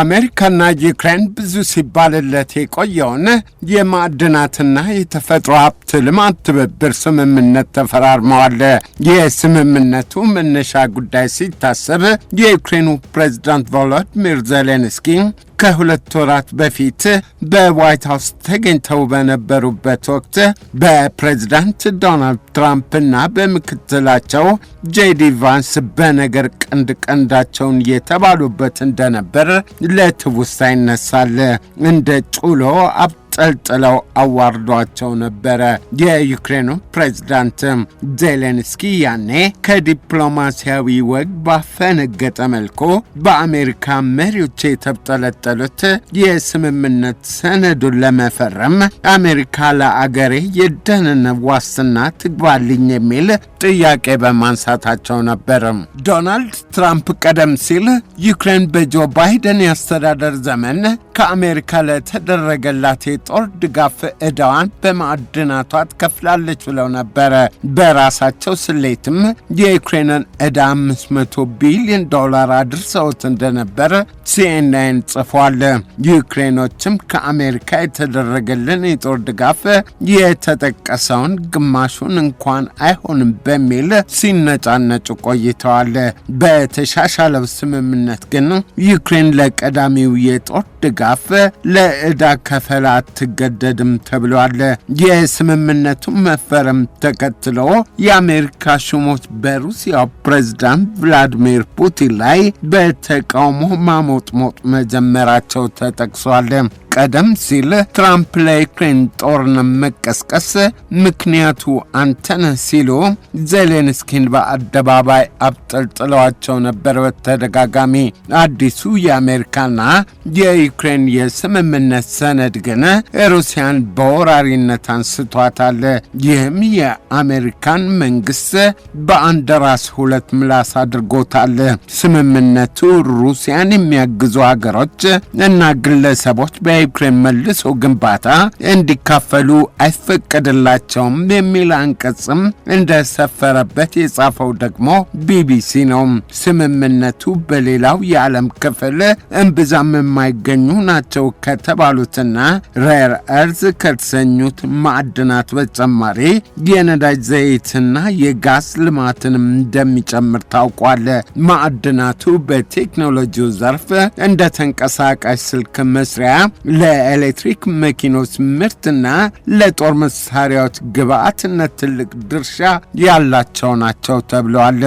አሜሪካና ዩክሬን ብዙ ሲባልለት የቆየውን የማዕድናትና የተፈጥሮ ሀብት ልማት ትብብር ስምምነት ተፈራርመዋል። የስምምነቱ መነሻ ጉዳይ ሲታሰብ የዩክሬኑ ፕሬዚዳንት ቮሎዲሚር ዜሌንስኪ ከሁለት ወራት በፊት በዋይት ሀውስ ተገኝተው በነበሩበት ወቅት በፕሬዝዳንት ዶናልድ ትራምፕና በምክትላቸው ጄዲ ቫንስ በነገር ቀንድ ቀንዳቸውን የተባሉበት እንደነበር ለትውስታ ይነሳል። እንደ ጩሎ አንጠልጥለው አዋርዷቸው ነበረ። የዩክሬኑ ፕሬዝዳንት ዜሌንስኪ ያኔ ከዲፕሎማሲያዊ ወግ ባፈነገጠ መልኩ በአሜሪካ መሪዎች የተብጠለጠሉት የስምምነት ሰነዱን ለመፈረም አሜሪካ ለአገሬ የደህንነት ዋስትና ትግባልኝ የሚል ጥያቄ በማንሳታቸው ነበር። ዶናልድ ትራምፕ ቀደም ሲል ዩክሬን በጆ ባይደን የአስተዳደር ዘመን ከአሜሪካ ለተደረገላት የጦር ድጋፍ ዕዳዋን በማዕድናቷ ትከፍላለች ብለው ነበረ። በራሳቸው ስሌትም የዩክሬንን ዕዳ 500 ቢሊዮን ዶላር አድርሰውት እንደነበረ ሲኤንኤን ጽፏል። ዩክሬኖችም ከአሜሪካ የተደረገልን የጦር ድጋፍ የተጠቀሰውን ግማሹን እንኳን አይሆንም በሚል ሲነጫነጩ ቆይተዋል። በተሻሻለው ስምምነት ግን ዩክሬን ለቀዳሚው የጦር ድጋፍ ለዕዳ ከፈላት አትገደድም ተብለዋል። የስምምነቱ መፈረም ተከትሎ የአሜሪካ ሹሞች በሩሲያ ፕሬዝዳንት ቭላዲሚር ፑቲን ላይ በተቃውሞ ማሞጥሞጥ መጀመራቸው ተጠቅሷል። ቀደም ሲል ትራምፕ ለዩክሬን ጦርን መቀስቀስ ምክንያቱ አንተን ሲሉ ዜሌንስኪን በአደባባይ አብጠልጥለዋቸው ነበር። በተደጋጋሚ አዲሱ የአሜሪካና የዩክሬን የስምምነት ሰነድ ግን ሩሲያን በወራሪነት አንስቷታል። ይህም የአሜሪካን መንግስት በአንድ ራስ ሁለት ምላስ አድርጎታል። ስምምነቱ ሩሲያን የሚያግዙ ሀገሮች እና ግለሰቦች በ የዩክሬን መልሶ ግንባታ እንዲካፈሉ አይፈቀድላቸውም የሚል አንቀጽም እንደሰፈረበት የጻፈው ደግሞ ቢቢሲ ነው። ስምምነቱ በሌላው የዓለም ክፍል እምብዛም የማይገኙ ናቸው ከተባሉትና ሬር እርዝ ከተሰኙት ማዕድናት በተጨማሪ የነዳጅ ዘይትና የጋዝ ልማትንም እንደሚጨምር ታውቋል። ማዕድናቱ በቴክኖሎጂው ዘርፍ እንደ ተንቀሳቃሽ ስልክ መስሪያ ለኤሌክትሪክ መኪኖች ምርትና ለጦር መሳሪያዎች ግብአትነት ትልቅ ድርሻ ያላቸው ናቸው ተብለዋል።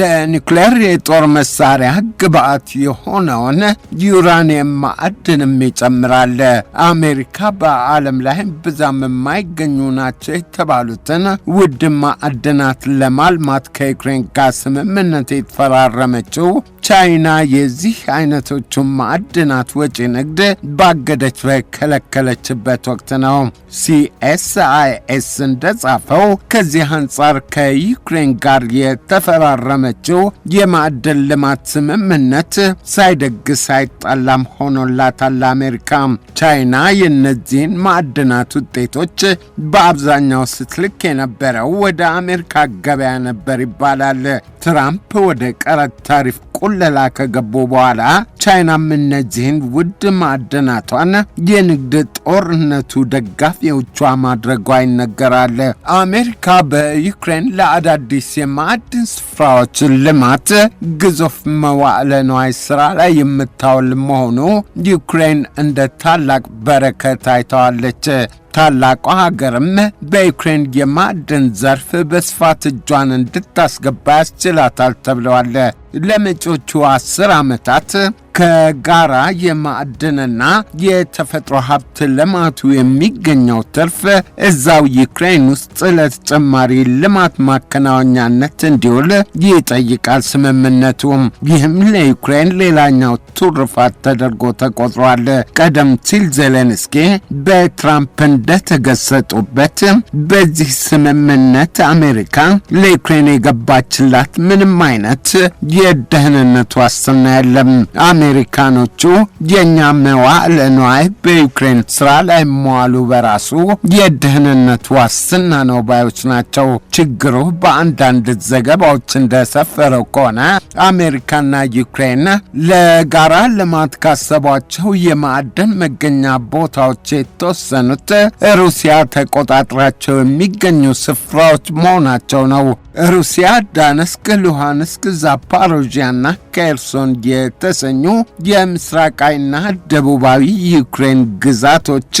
ለኒውክሌር የጦር መሳሪያ ግብአት የሆነውን ዩራኒየም ማዕድንም ይጨምራል። አሜሪካ በዓለም ላይ ብዛም የማይገኙ ናቸው የተባሉትን ውድ ማዕድናት ለማልማት ከዩክሬን ጋር ስምምነት የተፈራረመችው ቻይና የዚህ አይነቶቹን ማዕድናት ወጪ ንግድ ባገደች በከለከለችበት ወቅት ነው። ሲኤስአይኤስ እንደጻፈው ከዚህ አንጻር ከዩክሬን ጋር የተፈራረመችው የማዕድን ልማት ስምምነት ሳይደግስ ሳይጣላም ሆኖላታል። አሜሪካ ቻይና የእነዚህን ማዕድናት ውጤቶች በአብዛኛው ስትልክ የነበረው ወደ አሜሪካ ገበያ ነበር ይባላል። ትራምፕ ወደ ቀረጥ ታሪፍ ቁል ኩለላ ከገቡ በኋላ ቻይናም እነዚህን ውድ ማዕድናቷን የንግድ ጦርነቱ ደጋፊዎቿ ማድረጓ ይነገራል። አሜሪካ በዩክሬን ለአዳዲስ የማዕድን ስፍራዎች ልማት ግዙፍ መዋዕለ ንዋይ ስራ ላይ የምታውል መሆኑ ዩክሬን እንደ ታላቅ በረከት አይተዋለች። ታላቋ ሀገርም በዩክሬን የማዕድን ዘርፍ በስፋት እጇን እንድታስገባ ያስችላታል ተብለዋል። ለመጪዎቹ አስር ዓመታት ከጋራ የማዕድንና የተፈጥሮ ሀብት ልማቱ የሚገኘው ትርፍ እዛው ዩክሬን ውስጥ ለተጨማሪ ልማት ማከናወኛነት እንዲውል ይጠይቃል ስምምነቱ ይህም ለዩክሬን ሌላኛው ቱርፋት ተደርጎ ተቆጥሯል። ቀደም ሲል ዜሌንስኪ በትራምፕ እንደተገሰጡበት በዚህ ስምምነት አሜሪካ ለዩክሬን የገባችላት ምንም አይነት የደህንነት ዋስትና የለም። አሜሪካኖቹ የእኛ መዋዕለ ንዋይ በዩክሬን ስራ ላይ መዋሉ በራሱ የደህንነት ዋስትና ነው ባዮች ናቸው። ችግሩ በአንዳንድ ዘገባዎች እንደሰፈረው ከሆነ አሜሪካና ዩክሬን ለጋራ ልማት ካሰቧቸው የማዕድን መገኛ ቦታዎች የተወሰኑት ሩሲያ ተቆጣጥራቸው የሚገኙ ስፍራዎች መሆናቸው ነው። ሩሲያ ዳነስክ፣ ሉሃንስክ፣ ዛፓር ዛፖሮጂያና ኬርሶን የተሰኙ የምስራቃዊና ደቡባዊ ዩክሬን ግዛቶች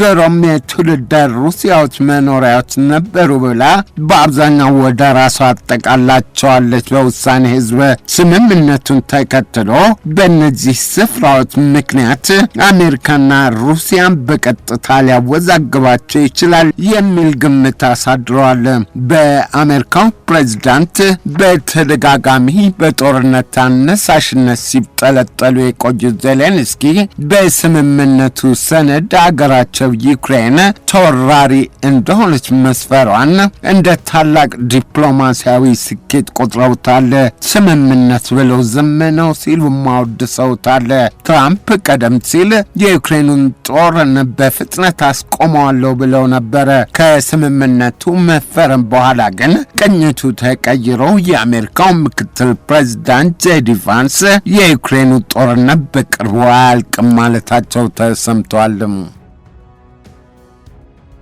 ድሮም የትውልደ ሩሲያዎች መኖሪያዎች ነበሩ ብላ በአብዛኛው ወደ ራሷ አጠቃላቸዋለች። በውሳኔ ህዝብ ስምምነቱን ተከትሎ በእነዚህ ስፍራዎች ምክንያት አሜሪካና ሩሲያን በቀጥታ ሊያወዛግባቸው ይችላል የሚል ግምት አሳድረዋል። በአሜሪካው ፕሬዚዳንት በተደጋጋሚ ለጦርነት አነሳሽነት ሲጠለጠሉ የቆዩት ዜሌንስኪ በስምምነቱ ሰነድ አገራቸው ዩክሬን ተወራሪ እንደሆነች መስፈሯን እንደ ታላቅ ዲፕሎማሲያዊ ስኬት ቆጥረውታል። ስምምነት ብለው ዝም ነው ሲሉ ማወድሰውታል። ትራምፕ ቀደም ሲል የዩክሬኑን ጦርን በፍጥነት አስቆመዋለሁ ብለው ነበረ። ከስምምነቱ መፈረም በኋላ ግን ቅኝቱ ተቀይሮ የአሜሪካው ምክትል ፕሬዚዳንት ጄዲ ቫንስ የዩክሬኑ ጦርነት በቅርቡ አያልቅም ማለታቸው ተሰምቷል።